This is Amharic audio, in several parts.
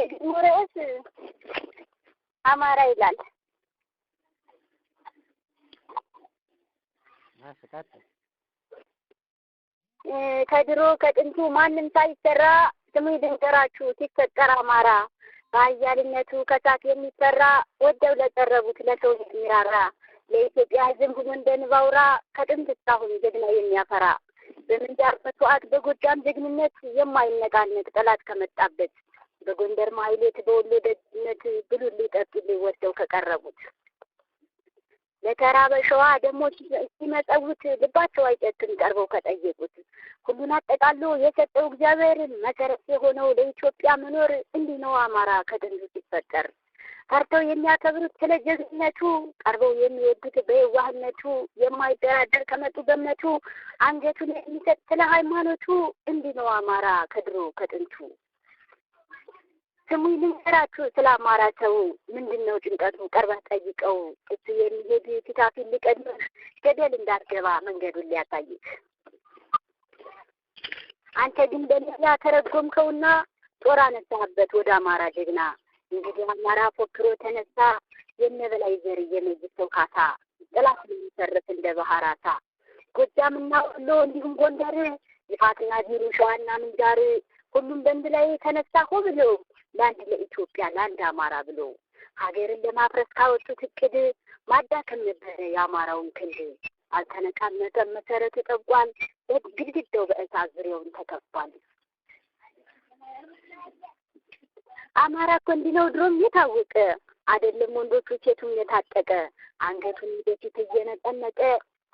የግጥሙ ርዕስ አማራ ይላል። ከድሮ ከጥንቱ ማንም ሳይሰራ ስሙ ድንገራችሁ ሲፈጠር አማራ በአያልነቱ ከሳት የሚፈራ ወደው ለቀረቡት ለሰው የሚራራ ለኢትዮጵያ ሕዝብ ሁሉ እንደ ንብ ከጥንት እስካሁን ጀግና የሚያፈራ በምንዳር መስዋዕት በጎጃም ጀግንነት የማይነቃነቅ ጠላት ከመጣበት በጎንደር ማይሌት በወሎ ደግነት ብሉ ሊጠጡ ወስደው ከቀረቡት ለተራበ ሸዋ ደግሞ ሲመጠውት ልባቸው አይጨትም ቀርበው ከጠየቁት ሁሉን አጠቃሎ የሰጠው እግዚአብሔርን መሰረት የሆነው ለኢትዮጵያ መኖር እንዲህ ነው አማራ ከጥንቱ ሲፈጠር ፈርተው የሚያከብሩት ስለ ጀግንነቱ ቀርበው የሚወዱት በየዋህነቱ የማይደራደር ከመጡ በእምነቱ አንገቱን የሚሰጥ ስለ ሃይማኖቱ እንዲህ ነው አማራ ከድሮ ከጥንቱ ስሙ ልንገራችሁ ስለ አማራ ሰው ምንድን ነው ጭንቀቱ? ቀርበህ ጠይቀው። እሱ የሚሄድ ፊታፊት ሊቀድምህ ገደል እንዳትገባ መንገዱን ሊያሳይህ። አንተ ግን በሌላ ተረጎምከውና ጦር አነሳህበት ወደ አማራ ጀግና። እንግዲህ አማራ ፎክሮ ተነሳ፣ የነበላይ ዘር መይሰው ካሳ ጥላት የሚሰርፍ እንደ ባህር አሳ ጎጃምና ወሎ እንዲሁም ጎንደር፣ ይፋትና ዚሩ ሸዋና ምንጃር ሁሉም በንድ ላይ ተነሳ ሆ ብለው ለአንድ ለኢትዮጵያ ለአንድ አማራ ብሎ ሀገርን ለማፍረስ ካወጡት እቅድ ማዳከም ነበረ የአማራውን ክንድ። አልተነቃነቀም፣ መሰረት ጠብቋል፣ ግድግዳው በእሳት ዙሪያውን ተከቧል። አማራ እኮ እንዲህ ነው ድሮም የታወቀ አይደለም ወንዶቹ ሴቱም የታጠቀ አንገቱን ወደፊት እየነጠነቀ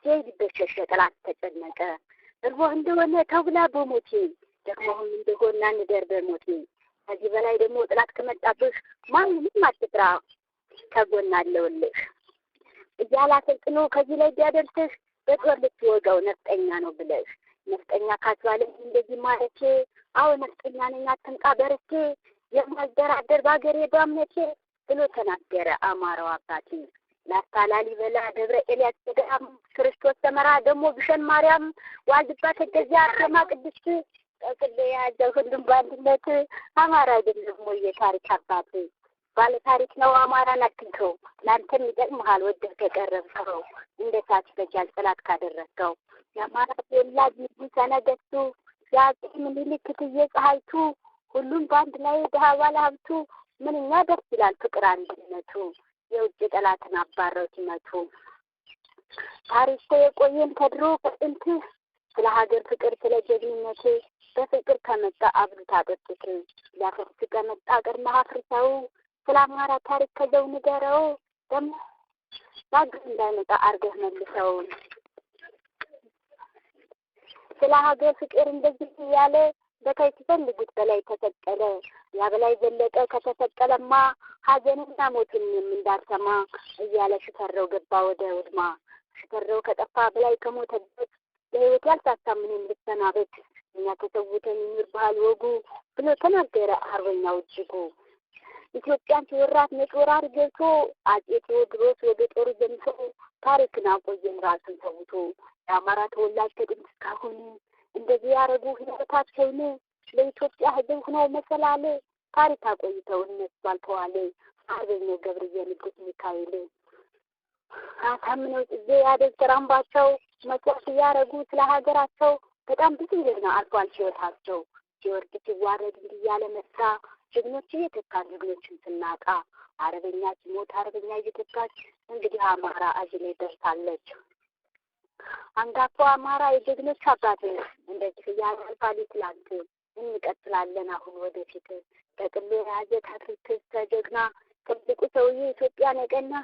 ሲሄድበት ሸሸ ጠላት ተጨነቀ። እርቦህ እንደሆነ ተውላ በሞቴ ደክሞህም እንደሆና ንደር በሞቴ ከዚህ በላይ ደግሞ ጥላት ከመጣብህ ማንንም አትፍራ፣ ከጎን አለውልህ። እያላ ሰልጥኖ ከዚህ ላይ ቢያደርስህ በጦር ልትወጋው ነፍጠኛ ነው ብለህ ነፍጠኛ ካስባለኝ እንደዚህ ማለቼ፣ አዎ ነፍጠኛ ነኝ አትንቃ በርቼ፣ የማልደራደር ባገሬ ባምነቴ ብሎ ተናገረ አማራው አባቴ። ላስታ ላሊበላ፣ ደብረ ኤልያስ ገዳም፣ ክርስቶስ ሰመራ፣ ደግሞ ግሸን ማርያም፣ ዋልድባ፣ ተገዚያ፣ አርሴማ ቅድስት ጠቅል ያለው ሁሉም በአንድነት አማራ አይደለም ወይ? የታሪክ አባት ባለ ታሪክ ነው። አማራን አትንከው፣ ለአንተም ይጠቅምሃል። ወደህ ከቀረብከው እንደ ሳት ይፈጃል ጥላት ካደረግከው። የአማራ ተወላጅ ጊዜ ነገሥቱ የአፄ ምኒልክ እትዬ ፀሐይቱ ሁሉም በአንድ ላይ ድሀ ባለ ሀብቱ ምንኛ ደስ ይላል ፍቅር አንድነቱ የውጭ ጠላትን አባረው ሲመቱ ታሪክ የቆየን ተድሮ ከጥንት ስለ ሀገር ፍቅር ስለ ጀግንነት በፍቅር ከመጣ አብሉት አጠጡት ሊያፈርስ ከመጣ ቀድመህ አፍርሰው ስለ አማራ ታሪክ ከዘው ንገረው ደግሞ ዳግም እንዳይመጣ አርገህ መልሰው ስለ ሀገር ፍቅር እንደዚህ እያለ በታይ ሲፈልጉት በላይ ተሰቀለ ያ በላይ ዘለቀ ከተሰቀለማ ሀዘንና ሞትን እንዳልሰማ እያለ ሽፈረው ገባ ወደ ውድማ ሽፈረው ከጠፋ በላይ ከሞተበት ለህይወት ያልታሳምን የምልሰናበት እኛ ከሰውት የሚኖር ባህል ወጉ ብሎ ተናገረ አርበኛው እጅጉ። ኢትዮጵያን ሲወራት መጦራር ገብቶ አጼ ቴዎድሮስ ወደ ጦር ዘምቶ ታሪክን አቆየም ራሱን ሰውቶ የአማራ ተወላጅ ከጥንት እስካሁን እንደዚህ ያደረጉ ህይወታቸውን ለኢትዮጵያ ህዝብ ሆነው መሰላለ ታሪክ አቆይተው እነሱ አልተዋለ። አርበኛው ገብርዬ ንጉስ ሚካኤል አሳምነው ጊዜ ያደግ ተራምባቸው መስዋዕት እያደረጉ ስለ ሀገራቸው በጣም ብዙ ነገር ነው አልፏል ህይወታቸው ሲወርድ ሲዋረድ እንዲህ ያለ መሳ ጀግኖች እየተካን ጀግኖችን ስናጣ አረበኛ ሲሞት አረበኛ እየተካች እንግዲህ አማራ አጅሌ ደርሳለች። አንጋፎ አማራ የጀግኖች አባት እንደዚህ እያለ አልፋል ትላንት። እንቀጥላለን አሁን ወደፊት በቅሎ የያዘ ታሪክ ተጀግና ትልቁ ሰውዬ ኢትዮጵያን የቀና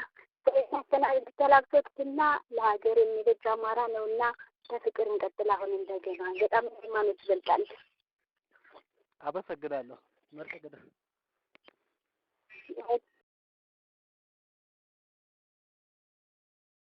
ሰዎች አስተናግድ ለሀገር የሚበጅ አማራ ነውና በፍቅር እንቀጥል። አሁን እንደገና በጣም ሃይማኖት ይበልጣል። አመሰግናለሁ። መርቀ